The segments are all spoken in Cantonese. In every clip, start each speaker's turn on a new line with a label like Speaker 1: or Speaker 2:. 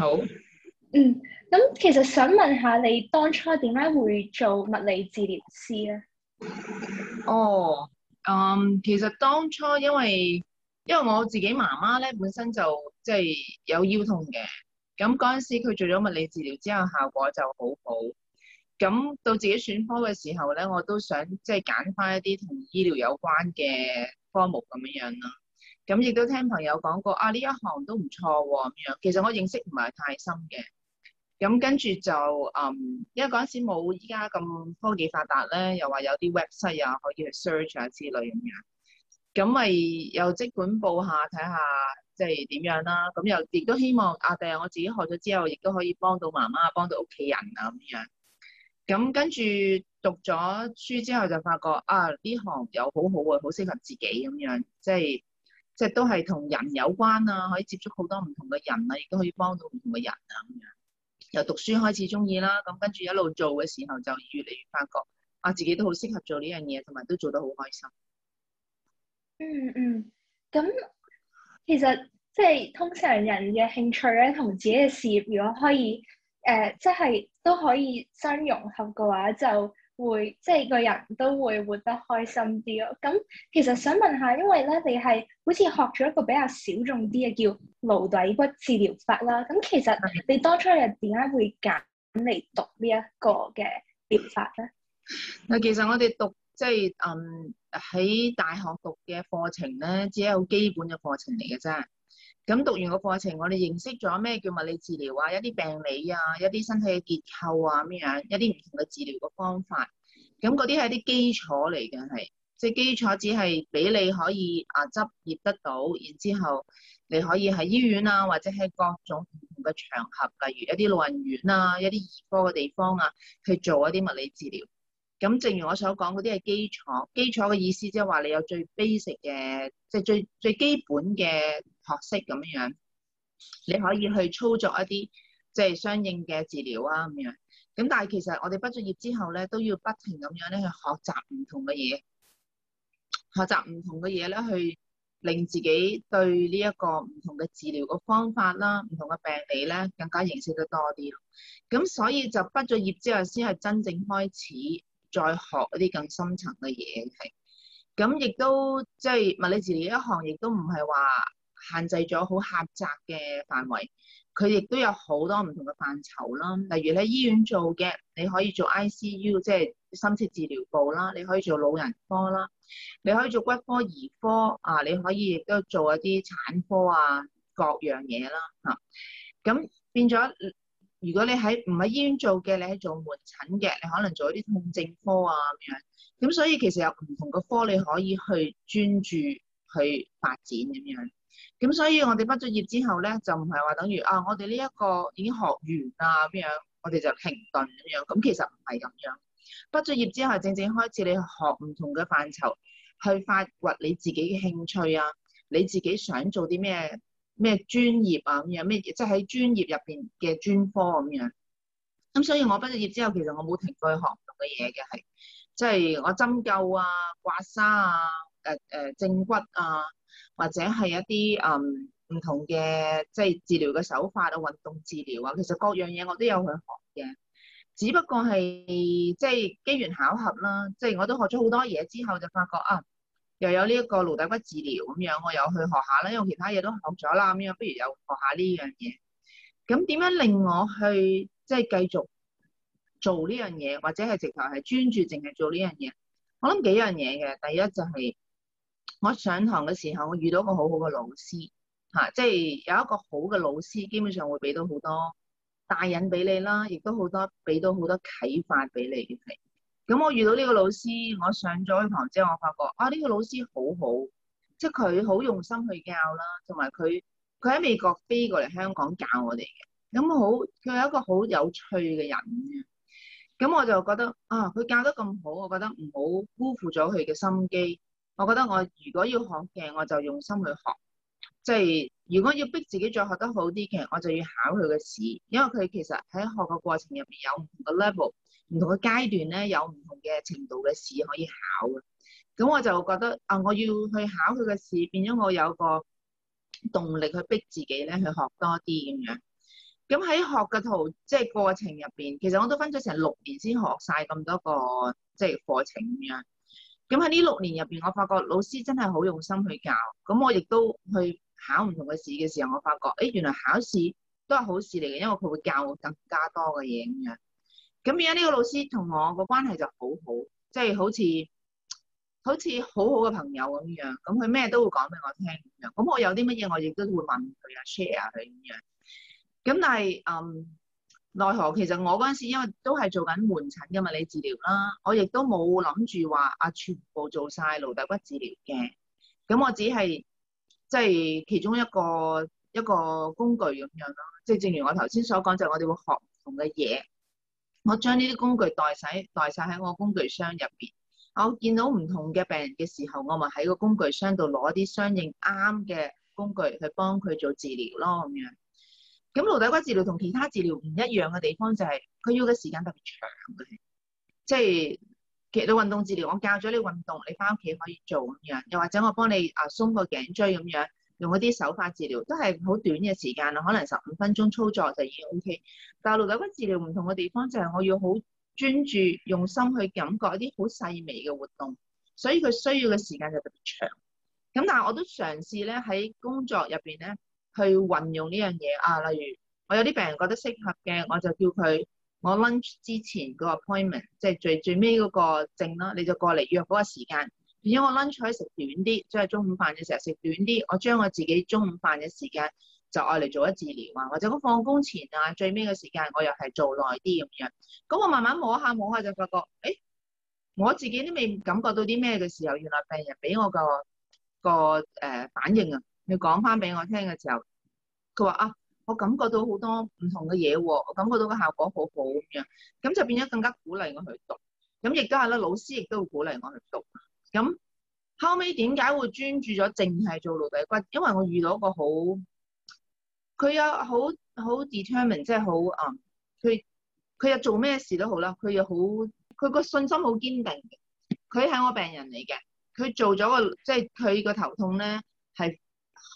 Speaker 1: 好，嗯，咁其實想問下你當初點解會做物理治療師咧？哦，嗯，其實
Speaker 2: 當初因為因為我自己媽媽咧本身就即係、就是、有腰痛嘅，咁嗰陣時佢做咗物理治療之後效果就好好，咁到自己選科嘅時候咧，我都想即係揀翻一啲同醫療有關嘅科目咁樣樣啦。咁亦都聽朋友講過啊，呢一行都唔錯喎，咁樣。其實我認識唔係太深嘅。咁跟住就嗯，因爲嗰陣時冇依家咁科技發達咧，又話有啲 website 啊可以去 search 啊之類咁樣。咁咪又即管報下睇下，即係點樣啦。咁又亦都希望啊，第日我自己學咗之後，亦都可以幫到媽媽，幫到屋企人啊咁樣。咁跟住讀咗書之後就發覺啊，呢行又好好啊，好適合自己咁樣，即係。即係都係同人有關啊，可以接觸好多唔同嘅人啊，亦都可以幫到唔同嘅人啊咁樣。由讀書開始中意啦，咁跟住一路做嘅時候就越嚟越發覺，我、啊、自己都好適合做呢樣嘢，同埋都做得好開心。嗯
Speaker 1: 嗯，咁、嗯、其實即係通常人嘅興趣咧，同自己嘅事業如果可以誒，即、呃、係都可以相融合嘅話就會即係個人都會活得開心啲咯。咁其實想問下，因為咧你係好似學咗一個比較小眾啲嘅叫顱骶骨治療法啦。咁其實你當初係點解會揀嚟讀呢一個嘅療
Speaker 2: 法咧？啊，其實我哋讀即係、就是、嗯，喺大學讀嘅課程咧，只係好基本嘅課程嚟嘅啫。咁讀完個課程，我哋認識咗咩叫物理治療啊？一啲病理啊，一啲身體嘅結構啊，咩樣？一啲唔同嘅治療嘅方法。咁嗰啲係一啲基礎嚟嘅，係即係基礎，只係俾你可以啊執業得到，然之後你可以喺醫院啊，或者喺各種唔同嘅場合，例如一啲老人院啊，一啲兒科嘅地方啊，去做一啲物理治療。咁正如我所講，嗰啲係基礎，基礎嘅意思即係話你有最 basic 嘅，即係最最基本嘅學識咁樣樣，你可以去操作一啲即係相應嘅治療啊咁樣。咁但係其實我哋畢咗業之後咧，都要不停咁樣咧去學習唔同嘅嘢，學習唔同嘅嘢咧，去令自己對呢一個唔同嘅治療嘅方法啦、唔同嘅病理咧，更加認識得多啲。咁所以就畢咗業之後，先係真正開始。再學嗰啲更深層嘅嘢嘅，咁亦都即係、就是、物理治療呢一行，亦都唔係話限制咗好狹窄嘅範圍，佢亦都有好多唔同嘅範疇啦。例如喺醫院做嘅，你可以做 ICU，即係深切治療部啦，你可以做老人科啦，你可以做骨科、兒科啊，你可以亦都做一啲產科啊，各樣嘢啦啊。咁變咗。如果你喺唔喺醫院做嘅，你係做門診嘅，你可能做一啲痛症科啊咁樣。咁所以其實有唔同嘅科你可以去專注去發展咁樣。咁所以我哋畢咗業之後咧，就唔係話等於啊，我哋呢一個已經學完啊咁樣，我哋就停頓咁樣。咁其實唔係咁樣。畢咗業之後，正正開始你學唔同嘅範疇，去發掘你自己嘅興趣啊，你自己想做啲咩？咩專業啊咁樣咩，即喺專業入邊嘅專科咁樣。咁、嗯、所以我畢業之後，其實我冇停過去學唔同嘅嘢嘅，係即係我針灸啊、刮痧啊、誒、呃、誒、呃、正骨啊，或者係一啲誒唔同嘅即係治療嘅手法啊、運動治療啊，其實各樣嘢我都有去學嘅。只不過係即係機緣巧合啦，即係我都學咗好多嘢之後，就發覺啊～又有呢一個顱骶骨治療咁樣，我有去學下啦。因為其他嘢都學咗啦，咁樣不如有學下呢樣嘢。咁點樣令我去即係、就是、繼續做呢樣嘢，或者係直頭係專注淨係做呢樣嘢？我諗幾樣嘢嘅。第一就係、是、我上堂嘅時候，我遇到個好好嘅老師嚇，即、啊、係、就是、有一個好嘅老師，基本上會俾到好多大引俾你啦，亦都好多俾到好多啟發俾你嘅。咁我遇到呢個老師，我上咗佢堂之後，我發覺啊，呢個老師好好，即係佢好用心去教啦，同埋佢佢喺美國飛過嚟香港教我哋嘅，咁好，佢係一個好有趣嘅人嘅，咁我就覺得啊，佢教得咁好，我覺得唔好辜負咗佢嘅心機，我覺得我如果要學嘅，我就用心去學。即係、就是、如果要逼自己再學得好啲嘅，其實我就要考佢嘅試，因為佢其實喺學嘅過程入面有唔同嘅 level，唔同嘅階段咧有唔同嘅程度嘅試可以考嘅。咁我就覺得啊、呃，我要去考佢嘅試，變咗我有個動力去逼自己咧去學多啲咁樣。咁喺學嘅途即係過程入邊，其實我都分咗成六年先學晒咁多個即係課程咁樣。咁喺呢六年入邊，我發覺老師真係好用心去教，咁我亦都去，考唔同嘅試嘅時候，我發覺，誒、欸，原來考試都係好事嚟嘅，因為佢會教我更加多嘅嘢咁樣。咁而家呢個老師同我個關係就好好，即、就、係、是、好似好似好好嘅朋友咁樣。咁佢咩都會講俾我聽咁樣。咁我有啲乜嘢，我亦都會問佢啊，share 佢咁樣。咁但係，嗯，奈何其實我嗰陣時因為都係做緊門診嘅物理治療啦，我亦都冇諗住話啊全部做晒顱骶骨治療嘅。咁我只係。即係其中一個一個工具咁樣咯，即係正如我頭先所講，就係我哋會學唔同嘅嘢，我將呢啲工具袋曬袋曬喺我工具箱入邊。我見到唔同嘅病人嘅時候，我咪喺個工具箱度攞啲相應啱嘅工具去幫佢做治療咯咁樣。咁顱骶骨治療同其他治療唔一樣嘅地方就係佢要嘅時間特別長嘅，即係。其實你運動治療，我教咗你運動，你翻屋企可以做咁樣，又或者我幫你啊鬆個頸椎咁樣，用嗰啲手法治療，都係好短嘅時間啊，可能十五分鐘操作就已經 OK。但係顱骶骨治療唔同嘅地方就係、是、我要好專注用心去感覺一啲好細微嘅活動，所以佢需要嘅時間就特別長。咁但係我都嘗試咧喺工作入邊咧去運用呢樣嘢啊，例如我有啲病人覺得適合嘅，我就叫佢。我 lunch 之前個 appointment，即係最最尾嗰個證啦，你就過嚟約嗰個時間。而且我 lunch 可以食短啲，即係中午飯嘅時候食短啲。我將我自己中午飯嘅時間就愛嚟做一治療啊，或者我放工前啊，最尾嘅時間我又係做耐啲咁樣。咁我慢慢摸下摸下就發覺，誒，我自己都未感覺到啲咩嘅時候，原來病人俾我個個誒反應啊，你講翻俾我聽嘅時候，佢話啊。我感覺到好多唔同嘅嘢喎，我感覺到個效果好好、啊、咁樣，咁就變咗更加鼓勵我去讀。咁亦都係啦，老師亦都會鼓勵我去讀。咁、嗯、後尾點解會專注咗淨係做顱骶骨？因為我遇到一個好，佢有好好 determine 即係好啊。佢佢又做咩事都好啦，佢又好，佢個信心好堅定。佢係我病人嚟嘅，佢做咗個即係佢個頭痛咧係。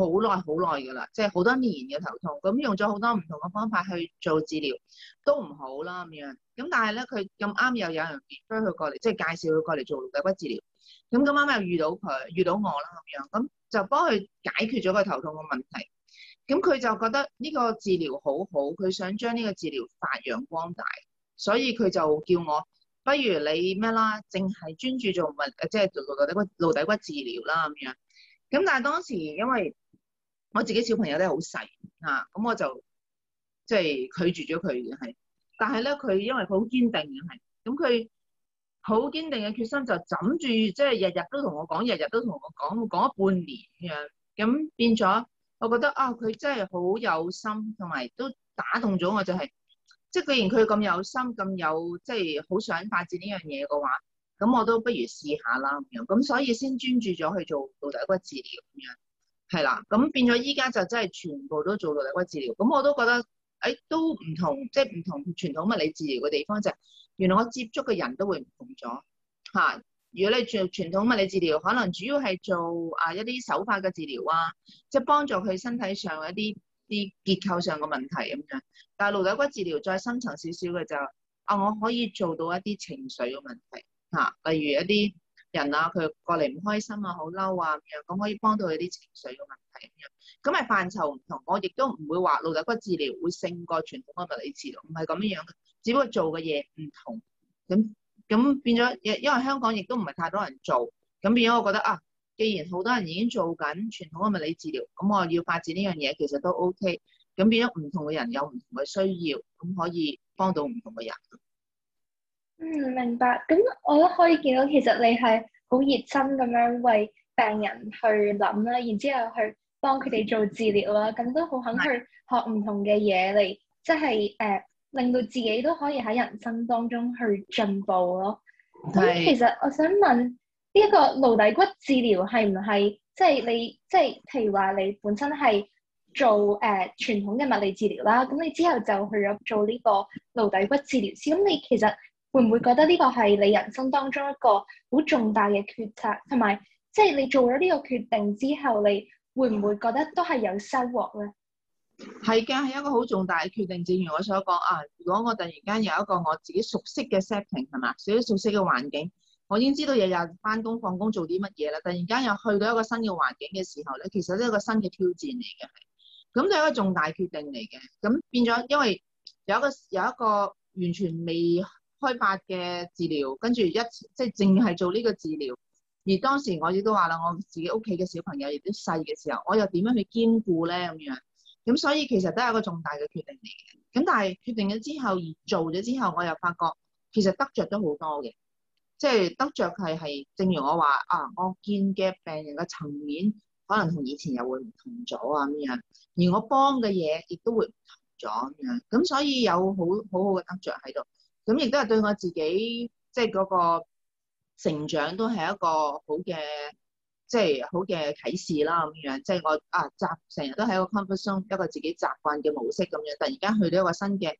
Speaker 2: 好耐好耐㗎啦，即係好多年嘅頭痛，咁用咗好多唔同嘅方法去做治療都唔好啦咁樣。咁但係咧佢咁啱又有人嘢，即係佢過嚟，即係介紹佢過嚟做顱骶骨治療。咁咁啱又遇到佢，遇到我啦咁樣，咁就幫佢解決咗個頭痛嘅問題。咁佢就覺得呢個治療好好，佢想將呢個治療發揚光大，所以佢就叫我，不如你咩啦，淨係專注做物，即係做顱骶骨、顱骶骨治療啦咁樣。咁但係當時因為，我自己小朋友咧好細啊，咁我就即係、就是、拒絕咗佢嘅係。但係咧佢因為佢好堅定嘅係，咁佢好堅定嘅決心就枕住，即係日日都同我講，日日都同我講，講咗半年咁樣。咁、啊、變咗，我覺得啊，佢真係好有心，同埋都打動咗我，就係即係既然佢咁有心，咁有即係好想發展呢樣嘢嘅話，咁我都不如試下啦咁樣。咁、啊、所以先專注咗去做顱骶骨治療咁樣。啊啊係啦，咁變咗依家就真係全部都做顱骶骨治療，咁我都覺得，誒都唔同，即係唔同傳統物理治療嘅地方就係，原來我接觸嘅人都會唔同咗，嚇！如果你做傳統物理治療，可能主要係做啊一啲手法嘅治療啊，即係幫助佢身體上一啲啲結構上嘅問題咁樣，但係顱骶骨治療再深層少少嘅就，啊我可以做到一啲情緒嘅問題，嚇，例如一啲人啊，佢過嚟唔開心啊，好嬲啊，咁樣，咁可以幫到佢啲情緒嘅問題咁樣，咁係範疇唔同。我亦都唔會話顱骶骨治療會勝過傳統嘅物理治療，唔係咁樣嘅，只不過做嘅嘢唔同。咁咁變咗，因為香港亦都唔係太多人做，咁變咗我覺得啊，既然好多人已經做緊傳統嘅物理治療，咁我要發展呢樣嘢其實都 OK。咁變咗唔同嘅人有唔同嘅需要，咁可以幫到唔同嘅人。
Speaker 1: 嗯，明白。咁我都可以見到，其實你係好熱心咁樣為病人去諗啦，然之後去幫佢哋做治療啦。咁都好肯去學唔同嘅嘢嚟，即係誒令到自己都可以喺人生當中去進步咯。咁對其實我想問，呢、這、一個顱骶骨治療係唔係即係你即係、就是、譬如話你本身係做誒、呃、傳統嘅物理治療啦，咁你之後就去咗做呢個顱骶骨治療師，咁你其實？會唔會覺得呢個係你人生當中一個好重大嘅決策，同埋即係你做咗呢個決定之後，你會唔會覺得都係有收穫咧？係嘅，係一個好重
Speaker 2: 大嘅決定。正如我所講啊，如果我突然間有一個我自己熟悉嘅 setting 係嘛，自己熟悉嘅環境，我已經知道日日翻工放工做啲乜嘢啦。突然間又去到一個新嘅環境嘅時候咧，其實都係一個新嘅挑戰嚟嘅。咁就係一個重大決定嚟嘅。咁變咗因為有一個有一個完全未開發嘅治療，跟住一，即係淨係做呢個治療。而當時我亦都話啦，我自己屋企嘅小朋友亦都細嘅時候，我又點樣去兼顧咧？咁樣咁，所以其實都係一個重大嘅決定嚟嘅。咁但係決定咗之後而做咗之後，我又發覺其實得着都好多嘅，即係得着係，係正如我話啊，我見嘅病人嘅層面可能同以前又會唔同咗啊，咁樣而我幫嘅嘢亦都會唔同咗咁樣。咁所以有好好好嘅得着喺度。咁亦都係對我自己，即係嗰個成長都係一個好嘅，即係好嘅啟示啦。咁樣即係我啊，習成日都係一個 comfort zone 一個自己習慣嘅模式咁樣。突然間去到一個新嘅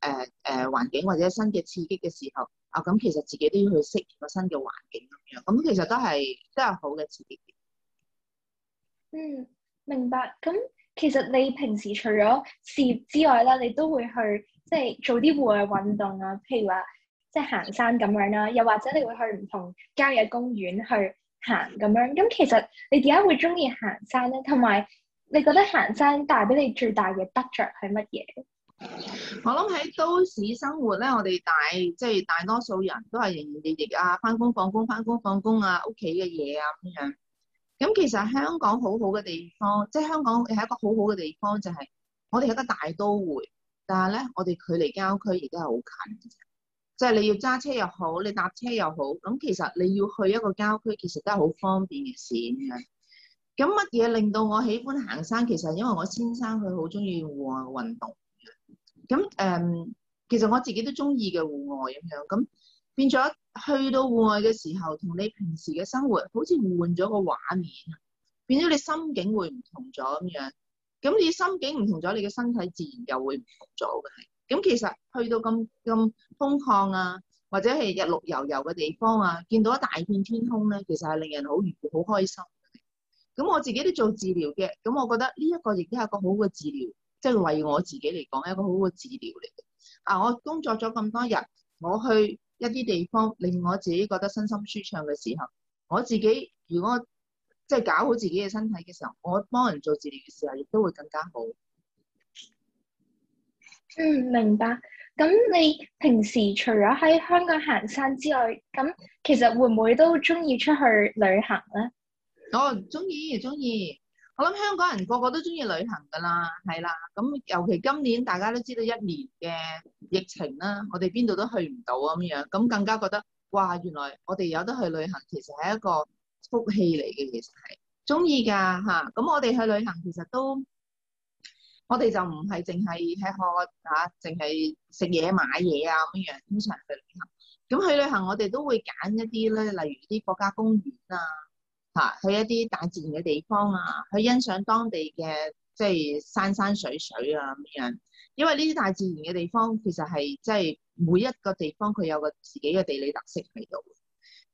Speaker 2: 誒誒環境或者新嘅刺激嘅時候啊，咁其實自己都要去適應個新嘅環境咁樣。咁其實都係都係好嘅刺激。嗯，明
Speaker 1: 白。咁其實你平時除咗事業之外啦，你都會去，即係做啲戶外運動啊，譬如話即係行山咁樣啦，又或者你會去唔同郊野公園去行咁樣。咁其實你點解會中意行山咧？同埋，你覺得行山帶俾你最大嘅得着係乜嘢？我諗喺都市生活咧，我哋大即係、就是、大多數人都係
Speaker 2: 營營役役啊，翻工放工翻工放工啊，屋企嘅嘢啊咁樣。咁其實香港好好嘅地方，即係香港係一個好好嘅地方，就係、是就是、我哋係一個大都會。但係咧，我哋距離郊區亦都係好近嘅，即係你要揸車又好，你搭車又好，咁其實你要去一個郊區，其實都係好方便嘅事咁樣。咁乜嘢令到我喜歡行山？其實因為我先生佢好中意戶外運動咁誒、嗯，其實我自己都中意嘅戶外咁樣。咁變咗去到戶外嘅時候，同你平時嘅生活好似換咗個畫面，變咗你心境會唔同咗咁樣。咁你心境唔同咗，你嘅身體自然又會唔同咗嘅，係。咁其實去到咁咁空曠啊，或者係日綠油油嘅地方啊，見到一大片天空咧，其實係令人好愉快好開心。咁我自己都做治療嘅，咁我覺得呢一個亦都係一個好嘅治療，即係為我自己嚟講一個好嘅治療嚟嘅。啊，我工作咗咁多日，我去一啲地方令我自己覺得身心舒暢嘅時候，我自己如果～即係搞好自己嘅身體嘅時候，我幫人做治療嘅時候，亦都會更加好。
Speaker 1: 嗯，明白。咁你平時除咗喺香港行山之外，咁其實會唔會都中意出去旅行咧？哦，我中意，
Speaker 2: 中意。我諗香港人個個都中意旅行噶啦，係啦。咁尤其今年大家都知道一年嘅疫情啦，我哋邊度都去唔到咁樣，咁更加覺得哇，原來我哋有得去旅行，其實係一個，福氣嚟嘅，其實係中意噶嚇。咁、啊、我哋去旅行其實都，我哋就唔係淨係吃喝啊，淨係食嘢買嘢啊咁樣。通常去旅行，咁去旅行我哋都會揀一啲咧，例如啲國家公園啊，嚇、啊、去一啲大自然嘅地方啊，去欣賞當地嘅即係山山水水啊咁樣。因為呢啲大自然嘅地方其實係即係每一個地方佢有個自己嘅地理特色喺度。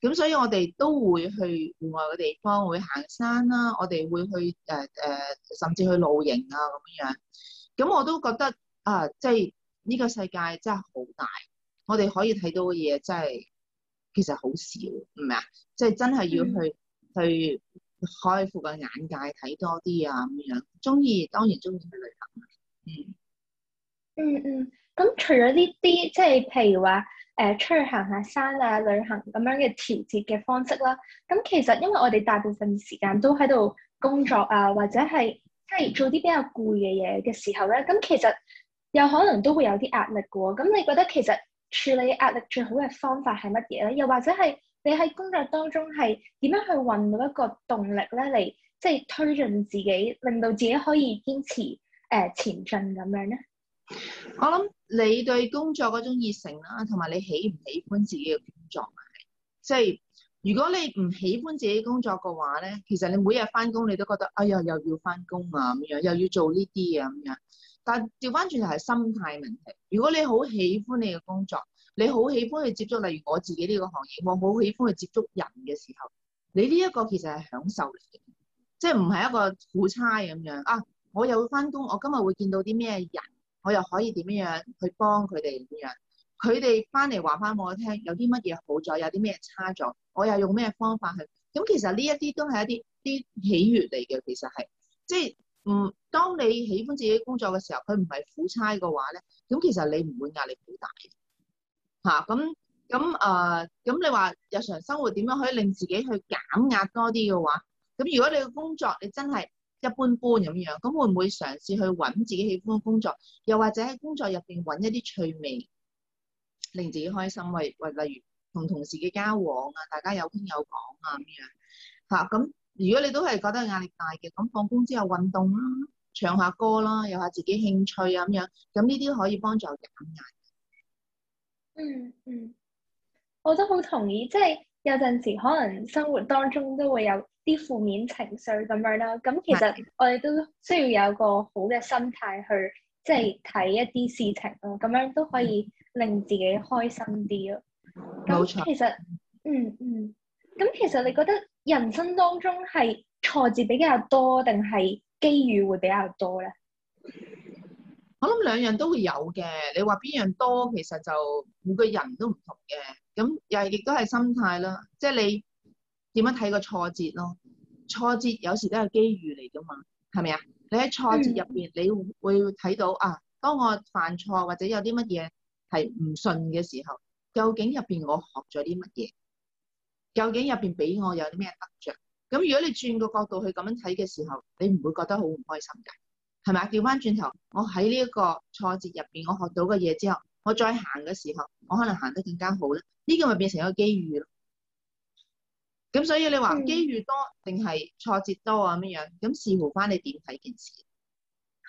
Speaker 2: 咁所以，我哋都會去戶外嘅地方，會行山啦、啊。我哋會去誒誒、呃呃，甚至去露營啊咁樣。咁我都覺得啊、呃，即係呢、這個世界真係好大，我哋可以睇到嘅嘢真係其實好少，唔、嗯、係啊，即、就、係、是、真係要去、嗯、去開闊嘅
Speaker 1: 眼界，睇多啲啊咁樣。中意當然中意去旅行。嗯嗯嗯，咁、嗯嗯嗯嗯、除咗呢啲，即係譬如話。誒、呃、出去行下、啊、山啊，旅行咁樣嘅調節嘅方式啦。咁、嗯、其實因為我哋大部分時間都喺度工作啊，或者係即係做啲比較攰嘅嘢嘅時候咧，咁、嗯、其實又可能都會有啲壓力嘅、啊、喎。咁、嗯、你覺得其實處理壓力最好嘅方法係乜嘢咧？又或者係你喺工作當中係點樣去揾到一個動力咧，嚟即係推進自己，令到自己可以堅持誒、呃、前進咁樣咧？我諗。你對工作嗰種熱誠啦，同埋你喜唔喜歡自己嘅工作
Speaker 2: 啊？即係如果你唔喜歡自己工作嘅話咧，其實你每日翻工你都覺得哎呀，又要翻工啊咁樣，又要做呢啲嘢咁樣。但係調翻轉頭係心態問題。如果你好喜歡你嘅工作，你好喜歡去接觸，例如我自己呢個行業，我好喜歡去接觸人嘅時候，你呢一個其實係享受嚟嘅，即係唔係一個苦差咁樣啊？我又會翻工，我今日會見到啲咩人？我又可以點樣樣去幫佢哋點樣？佢哋翻嚟話翻我聽，有啲乜嘢好咗，有啲咩差咗，我又用咩方法去？咁其實呢一啲都係一啲啲喜悅嚟嘅，其實係即係唔、嗯、當你喜歡自己工作嘅時候，佢唔係苦差嘅話咧，咁其實你唔會壓力好大嘅嚇。咁咁誒，咁、啊呃、你話日常生活點樣可以令自己去減壓多啲嘅話？咁如果你嘅工作你真係～一般般咁樣樣，咁會唔會嘗試去搵自己喜歡嘅工作，又或者喺工作入邊揾一啲趣味，令自己開心？喂喂，例如同同事嘅交往啊，大家有傾有講啊咁樣。吓、啊、咁，如果你都係覺得壓力大嘅，咁放工之後運動啦，唱下歌啦，有下自己興趣啊咁樣，咁
Speaker 1: 呢啲可以幫助減壓。嗯嗯，我都好同意，即係。有陣時可能生活當中都會有啲負面情緒咁樣啦，咁其實我哋都需要有個好嘅心態去即係睇一啲事情咯，咁樣都可以令自己開心啲咯。其實嗯冇錯嗯，咁、嗯、其實你覺得人生當中係挫折比較多定係機遇會比較多咧？我諗兩樣
Speaker 2: 都會有嘅，你話邊樣多，其實就每個人都唔同嘅，咁又係亦都係心態啦，即係你點樣睇個挫折咯？挫折有時都係機遇嚟噶嘛，係咪啊？你喺挫折入邊，嗯、你會睇到啊，當我犯錯或者有啲乜嘢係唔順嘅時候，究竟入邊我學咗啲乜嘢？究竟入邊俾我有啲咩得着？咁如果你轉個角度去咁樣睇嘅時候，你唔會覺得好唔開心噶。係咪？調翻轉頭，我喺呢一個挫折入邊，我學到嘅嘢之後，我再行嘅時候，我可能行得更加好咧。呢個咪變成一個機遇咯。咁所以你話機遇多定係挫折多啊？咁樣樣咁視乎翻你點睇件事。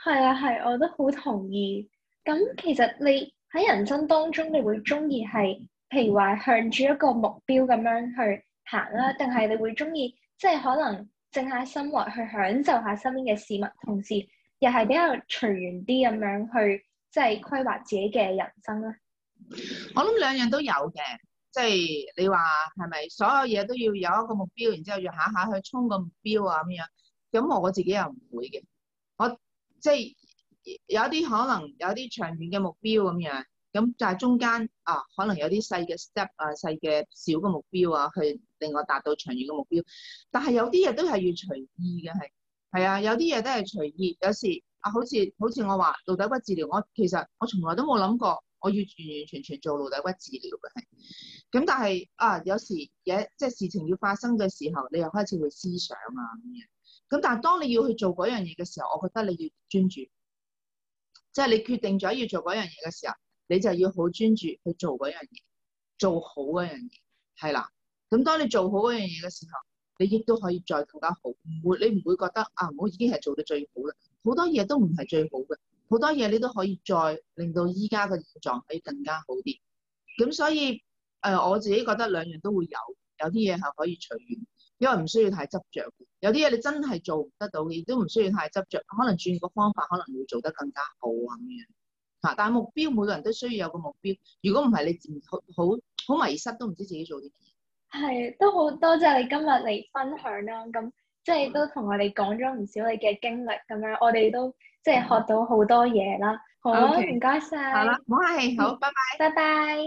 Speaker 1: 係啊，係，我都好同意。咁其實你喺人生當中，你會中意係，譬如話向住一個目標咁樣去行啦，定係你會中意，即係可能靜下心來去享受下身邊嘅事物，同時。又係比較隨緣啲咁樣去，即係規劃自己嘅人生咧。我諗兩樣都有嘅，即係
Speaker 2: 你話係咪所有嘢都要有一個目標，然之後要下下去衝個目標啊咁樣。咁我自己又唔會嘅，我即係有啲可能有啲長遠嘅目標咁樣，咁就係中間啊，可能有啲細嘅 step 啊、細嘅小嘅目標啊，去令我達到長遠嘅目標。但係有啲嘢都係要隨意嘅係。係啊，有啲嘢都係隨意，有時啊，好似好似我話，顱骶骨治療，我其實我從來都冇諗過我要完完全全做顱骶骨治療嘅。咁但係啊，有時嘢即係事情要發生嘅時候，你又開始會思想啊咁樣。咁但係當你要去做嗰樣嘢嘅時候，我覺得你要專注，即係你決定咗要做嗰樣嘢嘅時候，你就要好專注去做嗰樣嘢，做好嗰樣嘢。係啦，咁當你做好嗰樣嘢嘅時候。你亦都可以再更加好，唔會你唔會覺得啊，我已經係做到最好啦。好多嘢都唔係最好嘅，好多嘢你都可以再令到依家嘅現狀可以更加好啲。咁所以誒、呃，我自己覺得兩樣都會有，有啲嘢係可以隨緣，因為唔需要太執着。有啲嘢你真係做唔得到嘅，亦都唔需要太執着，可能轉個方法，可能會做得更加好啊咁樣。嚇！但係目標，每個人都需要有個目標。如果唔係，你自好好迷失，都唔知自己做
Speaker 1: 啲係，都好多謝你今日嚟分享啦。咁即係都同我哋講咗唔少你嘅經歷咁樣，我哋都即係學到好多嘢啦。好，唔該晒，好，唔好客氣，好，拜拜，拜拜。